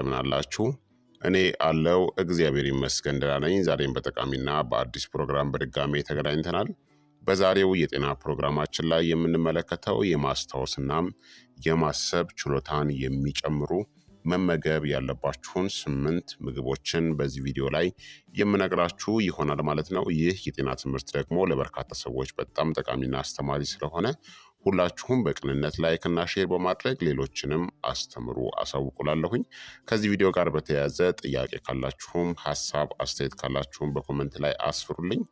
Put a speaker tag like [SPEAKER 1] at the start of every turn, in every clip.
[SPEAKER 1] እንደምናላችሁ እኔ አለው እግዚአብሔር ይመስገን ደህና ነኝ። ዛሬም በጠቃሚና በአዲስ ፕሮግራም በድጋሜ ተገናኝተናል። በዛሬው የጤና ፕሮግራማችን ላይ የምንመለከተው የማስታወስናም የማሰብ ችሎታን የሚጨምሩ መመገብ ያለባችሁን ስምንት ምግቦችን በዚህ ቪዲዮ ላይ የምነግራችሁ ይሆናል ማለት ነው። ይህ የጤና ትምህርት ደግሞ ለበርካታ ሰዎች በጣም ጠቃሚና አስተማሪ ስለሆነ ሁላችሁም በቅንነት ላይክና ሼር በማድረግ ሌሎችንም አስተምሩ አሳውቁላለሁኝ። ከዚህ ቪዲዮ ጋር በተያያዘ ጥያቄ ካላችሁም ሀሳብ አስተያየት ካላችሁም በኮመንት ላይ አስፍሩልኝ።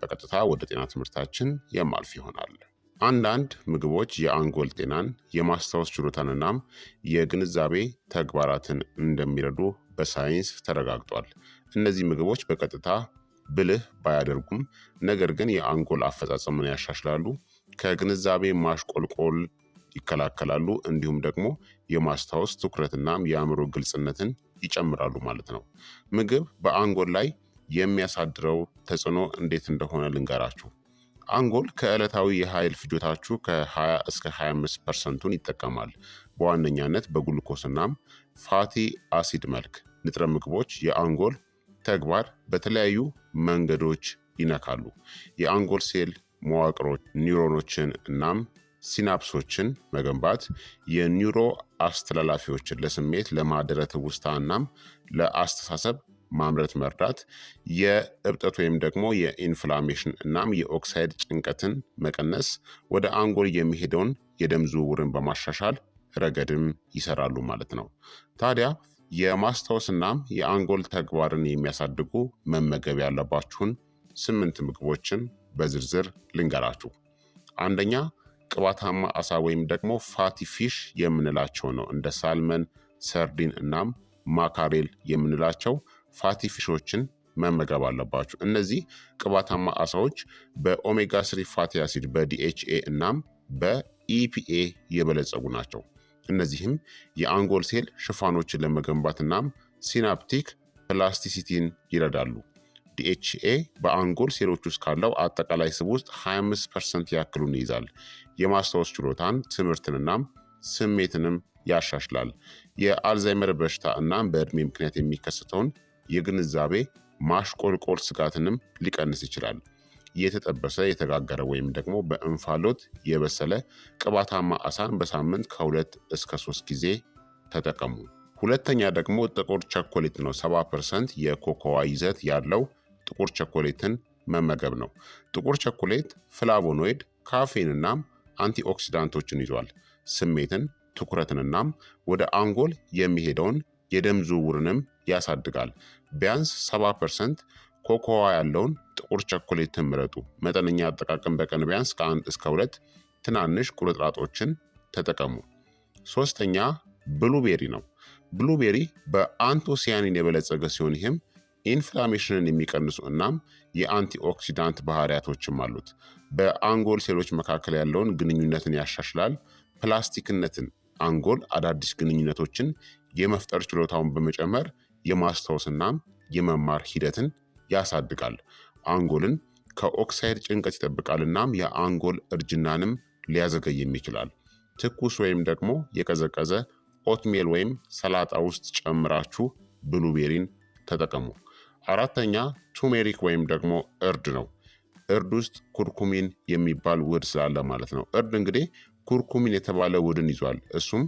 [SPEAKER 1] በቀጥታ ወደ ጤና ትምህርታችን የማልፍ ይሆናል። አንዳንድ ምግቦች የአንጎል ጤናን የማስታወስ ችሎታንናም የግንዛቤ ተግባራትን እንደሚረዱ በሳይንስ ተረጋግጧል። እነዚህ ምግቦች በቀጥታ ብልህ ባያደርጉም ነገር ግን የአንጎል አፈጻጸምን ያሻሽላሉ ከግንዛቤ ማሽቆልቆል ይከላከላሉ። እንዲሁም ደግሞ የማስታወስ ትኩረትናም የአእምሮ ግልጽነትን ይጨምራሉ ማለት ነው። ምግብ በአንጎል ላይ የሚያሳድረው ተጽዕኖ እንዴት እንደሆነ ልንገራችሁ። አንጎል ከዕለታዊ የኃይል ፍጆታችሁ ከ20 እስከ 25 ፐርሰንቱን ይጠቀማል። በዋነኛነት በጉልኮስናም ፋቲ አሲድ መልክ ንጥረ ምግቦች የአንጎል ተግባር በተለያዩ መንገዶች ይነካሉ። የአንጎል ሴል መዋቅሮች ኒውሮኖችን እናም ሲናፕሶችን መገንባት የኒውሮ አስተላላፊዎችን ለስሜት ለማህደረ ውስታ እናም ለአስተሳሰብ ማምረት መርዳት የእብጠት ወይም ደግሞ የኢንፍላሜሽን እናም የኦክሳይድ ጭንቀትን መቀነስ ወደ አንጎል የሚሄደውን የደም ዝውውርን በማሻሻል ረገድም ይሰራሉ ማለት ነው። ታዲያ የማስታወስ እናም የአንጎል ተግባርን የሚያሳድጉ መመገብ ያለባችሁን ስምንት ምግቦችን በዝርዝር ልንገራችሁ። አንደኛ ቅባታማ አሳ ወይም ደግሞ ፋቲ ፊሽ የምንላቸው ነው። እንደ ሳልመን፣ ሰርዲን እናም ማካሬል የምንላቸው ፋቲ ፊሾችን መመገብ አለባችሁ። እነዚህ ቅባታማ አሳዎች በኦሜጋ ስሪ ፋቲ አሲድ በዲኤችኤ እናም በኢፒኤ e የበለጸጉ ናቸው። እነዚህም የአንጎል ሴል ሽፋኖችን ለመገንባት እናም ሲናፕቲክ ፕላስቲሲቲን ይረዳሉ። ዲኤችኤ በአንጎል ሴሎች ውስጥ ካለው አጠቃላይ ስብ ውስጥ 25 ፐርሰንት ያክሉን ይይዛል። የማስታወስ ችሎታን፣ ትምህርትንናም ስሜትንም ያሻሽላል። የአልዛይመር በሽታ እናም በዕድሜ ምክንያት የሚከሰተውን የግንዛቤ ማሽቆልቆል ስጋትንም ሊቀንስ ይችላል። የተጠበሰ የተጋገረ ወይም ደግሞ በእንፋሎት የበሰለ ቅባታማ አሳን በሳምንት ከሁለት እስከ ሶስት ጊዜ ተጠቀሙ። ሁለተኛ ደግሞ ጥቁር ቸኮሌት ነው። 70 ፐርሰንት የኮኮዋ ይዘት ያለው ጥቁር ቸኮሌትን መመገብ ነው። ጥቁር ቸኮሌት ፍላቮኖይድ፣ ካፌን እናም አንቲኦክሲዳንቶችን ይዟል። ስሜትን፣ ትኩረትን እናም ወደ አንጎል የሚሄደውን የደም ዝውውርንም ያሳድጋል። ቢያንስ 70 ፐርሰንት ኮኮዋ ያለውን ጥቁር ቸኮሌት ምረጡ። መጠነኛ አጠቃቀም በቀን ቢያንስ ከአንድ እስከ ሁለት ትናንሽ ቁርጥራጦችን ተጠቀሙ። ሶስተኛ ብሉቤሪ ነው። ብሉቤሪ በአንቶሲያኒን የበለጸገ ሲሆን ይህም ኢንፍላሜሽንን የሚቀንሱ እናም የአንቲኦክሲዳንት ባህሪያቶችም አሉት። በአንጎል ሴሎች መካከል ያለውን ግንኙነትን ያሻሽላል። ፕላስቲክነትን አንጎል አዳዲስ ግንኙነቶችን የመፍጠር ችሎታውን በመጨመር የማስታወስናም የመማር ሂደትን ያሳድጋል። አንጎልን ከኦክሳይድ ጭንቀት ይጠብቃል። እናም የአንጎል እርጅናንም ሊያዘገይም ይችላል። ትኩስ ወይም ደግሞ የቀዘቀዘ ኦትሜል ወይም ሰላጣ ውስጥ ጨምራችሁ ብሉቤሪን ተጠቀሙ። አራተኛ ቱሜሪክ ወይም ደግሞ እርድ ነው። እርድ ውስጥ ኩርኩሚን የሚባል ውህድ ስላለ ማለት ነው። እርድ እንግዲህ ኩርኩሚን የተባለ ውህድን ይዟል። እሱም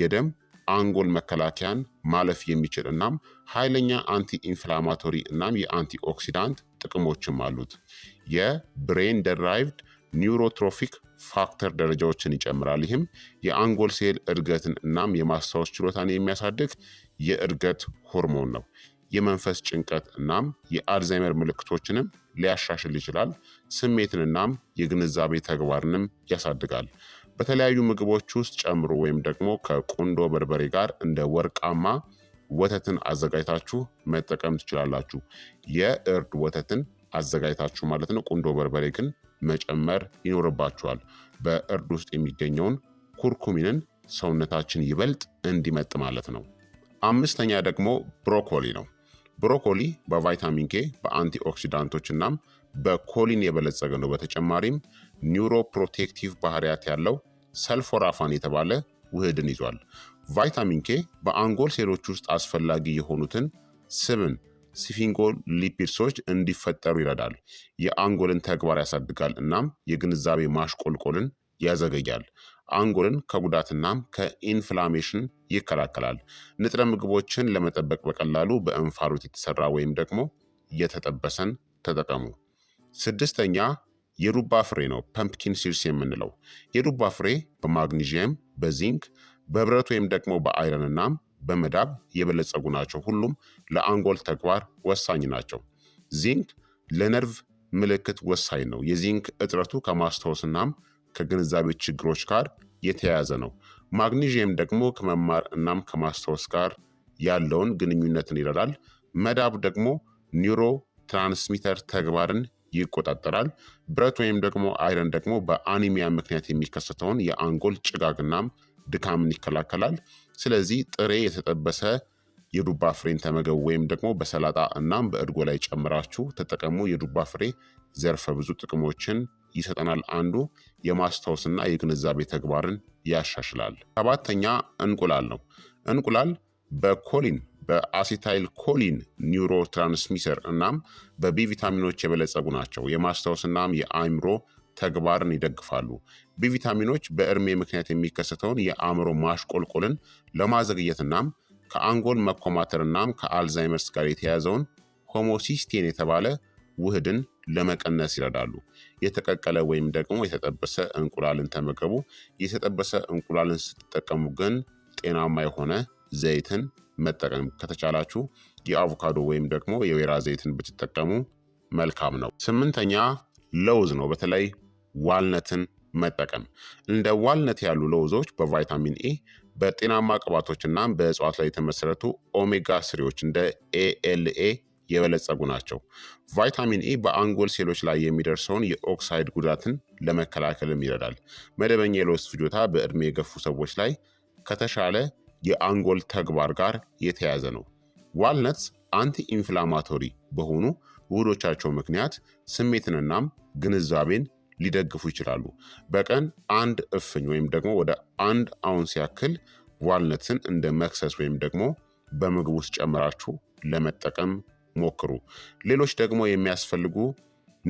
[SPEAKER 1] የደም አንጎል መከላከያን ማለፍ የሚችል እናም ኃይለኛ አንቲ ኢንፍላማቶሪ እናም የአንቲ ኦክሲዳንት ጥቅሞችም አሉት። የብሬን ደራይቭድ ኒውሮትሮፊክ ፋክተር ደረጃዎችን ይጨምራል። ይህም የአንጎል ሴል እድገትን እናም የማስታወስ ችሎታን የሚያሳድግ የእድገት ሆርሞን ነው። የመንፈስ ጭንቀት እናም የአልዛይመር ምልክቶችንም ሊያሻሽል ይችላል። ስሜትን እናም የግንዛቤ ተግባርንም ያሳድጋል። በተለያዩ ምግቦች ውስጥ ጨምሮ ወይም ደግሞ ከቁንዶ በርበሬ ጋር እንደ ወርቃማ ወተትን አዘጋጅታችሁ መጠቀም ትችላላችሁ። የእርድ ወተትን አዘጋጅታችሁ ማለት ነው። ቁንዶ በርበሬ ግን መጨመር ይኖርባችኋል። በእርድ ውስጥ የሚገኘውን ኩርኩሚንን ሰውነታችን ይበልጥ እንዲመጥ ማለት ነው። አምስተኛ ደግሞ ብሮኮሊ ነው። ብሮኮሊ በቫይታሚን ኬ በአንቲ ኦክሲዳንቶች እናም በኮሊን የበለጸገ ነው። በተጨማሪም ኒውሮ ፕሮቴክቲቭ ባህሪያት ያለው ሰልፎራፋን የተባለ ውህድን ይዟል። ቫይታሚን ኬ በአንጎል ሴሎች ውስጥ አስፈላጊ የሆኑትን ስብን ስፊንጎ ሊፒድሶች እንዲፈጠሩ ይረዳል። የአንጎልን ተግባር ያሳድጋል እናም የግንዛቤ ማሽቆልቆልን ያዘገያል። አንጎልን ከጉዳትናም ከኢንፍላሜሽን ይከላከላል። ንጥረ ምግቦችን ለመጠበቅ በቀላሉ በእንፋሎት የተሰራ ወይም ደግሞ የተጠበሰን ተጠቀሙ። ስድስተኛ የዱባ ፍሬ ነው፣ ፐምፕኪን ሲድስ የምንለው የዱባ ፍሬ በማግኒዥየም በዚንክ በብረት ወይም ደግሞ በአይረንናም በመዳብ የበለጸጉ ናቸው። ሁሉም ለአንጎል ተግባር ወሳኝ ናቸው። ዚንክ ለነርቭ ምልክት ወሳኝ ነው። የዚንክ እጥረቱ ከማስታወስናም ከግንዛቤ ችግሮች ጋር የተያያዘ ነው። ማግኒዥየም ደግሞ ከመማር እናም ከማስታወስ ጋር ያለውን ግንኙነትን ይረዳል። መዳብ ደግሞ ኒውሮ ትራንስሚተር ተግባርን ይቆጣጠራል። ብረት ወይም ደግሞ አይረን ደግሞ በአኒሚያ ምክንያት የሚከሰተውን የአንጎል ጭጋግናም ድካምን ይከላከላል። ስለዚህ ጥሬ የተጠበሰ የዱባ ፍሬን ተመገቡ ወይም ደግሞ በሰላጣ እናም በእርጎ ላይ ጨምራችሁ ተጠቀሙ። የዱባ ፍሬ ዘርፈ ብዙ ጥቅሞችን ይሰጠናል። አንዱ የማስታወስና የግንዛቤ ተግባርን ያሻሽላል። ሰባተኛ እንቁላል ነው። እንቁላል በኮሊን በአሲታይል ኮሊን ኒውሮ ትራንስሚተር እናም በቢ ቪታሚኖች የበለጸጉ ናቸው። የማስታወስናም የአእምሮ ተግባርን ይደግፋሉ። ቢ ቪታሚኖች በእድሜ ምክንያት የሚከሰተውን የአእምሮ ማሽቆልቆልን ለማዘግየትናም ከአንጎል መኮማተርናም ከአልዛይመርስ ጋር የተያያዘውን ሆሞሲስቴን የተባለ ውህድን ለመቀነስ ይረዳሉ። የተቀቀለ ወይም ደግሞ የተጠበሰ እንቁላልን ተመገቡ። የተጠበሰ እንቁላልን ስትጠቀሙ ግን ጤናማ የሆነ ዘይትን መጠቀም ከተቻላችሁ የአቮካዶ ወይም ደግሞ የወይራ ዘይትን ብትጠቀሙ መልካም ነው። ስምንተኛ ለውዝ ነው። በተለይ ዋልነትን መጠቀም እንደ ዋልነት ያሉ ለውዞች በቫይታሚን ኤ በጤናማ ቅባቶችና በእጽዋት ላይ የተመሰረቱ ኦሜጋ ስሪዎች እንደ ኤኤልኤ የበለጸጉ ናቸው። ቫይታሚን ኤ በአንጎል ሴሎች ላይ የሚደርሰውን የኦክሳይድ ጉዳትን ለመከላከልም ይረዳል። መደበኛ የለውዝ ፍጆታ በዕድሜ የገፉ ሰዎች ላይ ከተሻለ የአንጎል ተግባር ጋር የተያያዘ ነው። ዋልነትስ አንቲ ኢንፍላማቶሪ በሆኑ ውህዶቻቸው ምክንያት ስሜትንናም ግንዛቤን ሊደግፉ ይችላሉ። በቀን አንድ እፍኝ ወይም ደግሞ ወደ አንድ አውንስ ያክል ዋልነትን እንደ መክሰስ ወይም ደግሞ በምግብ ውስጥ ጨምራችሁ ለመጠቀም ሞክሩ። ሌሎች ደግሞ የሚያስፈልጉ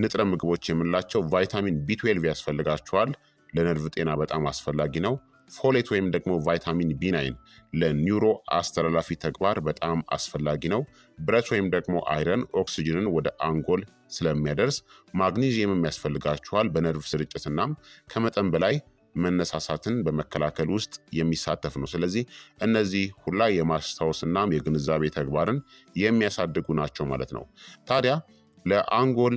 [SPEAKER 1] ንጥረ ምግቦች የምንላቸው ቫይታሚን ቢ12 ያስፈልጋችኋል። ለነርቭ ጤና በጣም አስፈላጊ ነው። ፎሌት ወይም ደግሞ ቫይታሚን ቢ9 ለኒውሮ አስተላላፊ ተግባር በጣም አስፈላጊ ነው። ብረት ወይም ደግሞ አይረን ኦክስጅንን ወደ አንጎል ስለሚያደርስ ማግኒዚየምም ያስፈልጋችኋል። በነርቭ ስርጭትናም ከመጠን በላይ መነሳሳትን በመከላከል ውስጥ የሚሳተፍ ነው። ስለዚህ እነዚህ ሁላ የማስታወስናም የግንዛቤ ተግባርን የሚያሳድጉ ናቸው ማለት ነው። ታዲያ ለአንጎል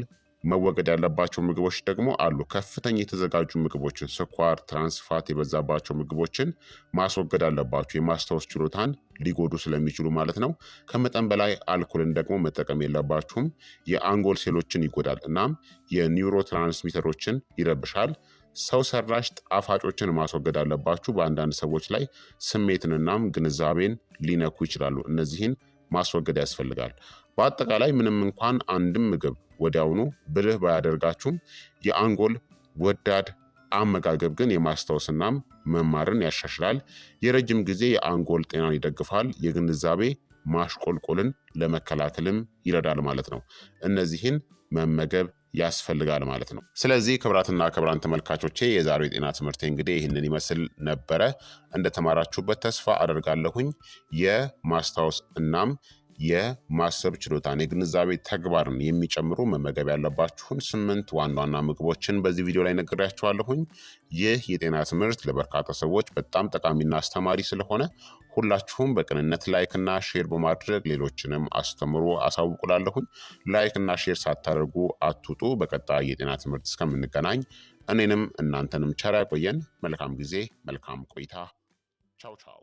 [SPEAKER 1] መወገድ ያለባቸው ምግቦች ደግሞ አሉ። ከፍተኛ የተዘጋጁ ምግቦችን፣ ስኳር፣ ትራንስፋት የበዛባቸው ምግቦችን ማስወገድ አለባቸው። የማስታወስ ችሎታን ሊጎዱ ስለሚችሉ ማለት ነው። ከመጠን በላይ አልኮልን ደግሞ መጠቀም የለባችሁም። የአንጎል ሴሎችን ይጎዳል፣ እናም የኒውሮ ትራንስሚተሮችን ይረብሻል። ሰው ሰራሽ ጣፋጮችን ማስወገድ አለባችሁ። በአንዳንድ ሰዎች ላይ ስሜትንናም ግንዛቤን ሊነኩ ይችላሉ። እነዚህን ማስወገድ ያስፈልጋል። በአጠቃላይ ምንም እንኳን አንድም ምግብ ወዲያውኑ ብልህ ባያደርጋችሁም የአንጎል ወዳድ አመጋገብ ግን የማስታወስናም መማርን ያሻሽላል። የረጅም ጊዜ የአንጎል ጤናን ይደግፋል። የግንዛቤ ማሽቆልቆልን ለመከላከልም ይረዳል ማለት ነው። እነዚህን መመገብ ያስፈልጋል ማለት ነው። ስለዚህ ክብራትና ክብራን ተመልካቾቼ የዛሬው የጤና ትምህርት እንግዲህ ይህንን ይመስል ነበረ። እንደተማራችሁበት ተስፋ አደርጋለሁኝ። የማስታወስ እናም የማሰብ ችሎታን የግንዛቤ ተግባርን የሚጨምሩ መመገብ ያለባችሁን ስምንት ዋና ዋና ምግቦችን በዚህ ቪዲዮ ላይ ነግሬያችኋለሁኝ። ይህ የጤና ትምህርት ለበርካታ ሰዎች በጣም ጠቃሚና አስተማሪ ስለሆነ ሁላችሁም በቅንነት እና ሼር በማድረግ ሌሎችንም አስተምሮ አሳውቁላለሁኝ። እና ሼር ሳታደርጉ አትውጡ። በቀጣይ የጤና ትምህርት እስከምንገናኝ እኔንም እናንተንም ቸር ያቆየን። መልካም ጊዜ፣ መልካም ቆይታ። ቻው ቻው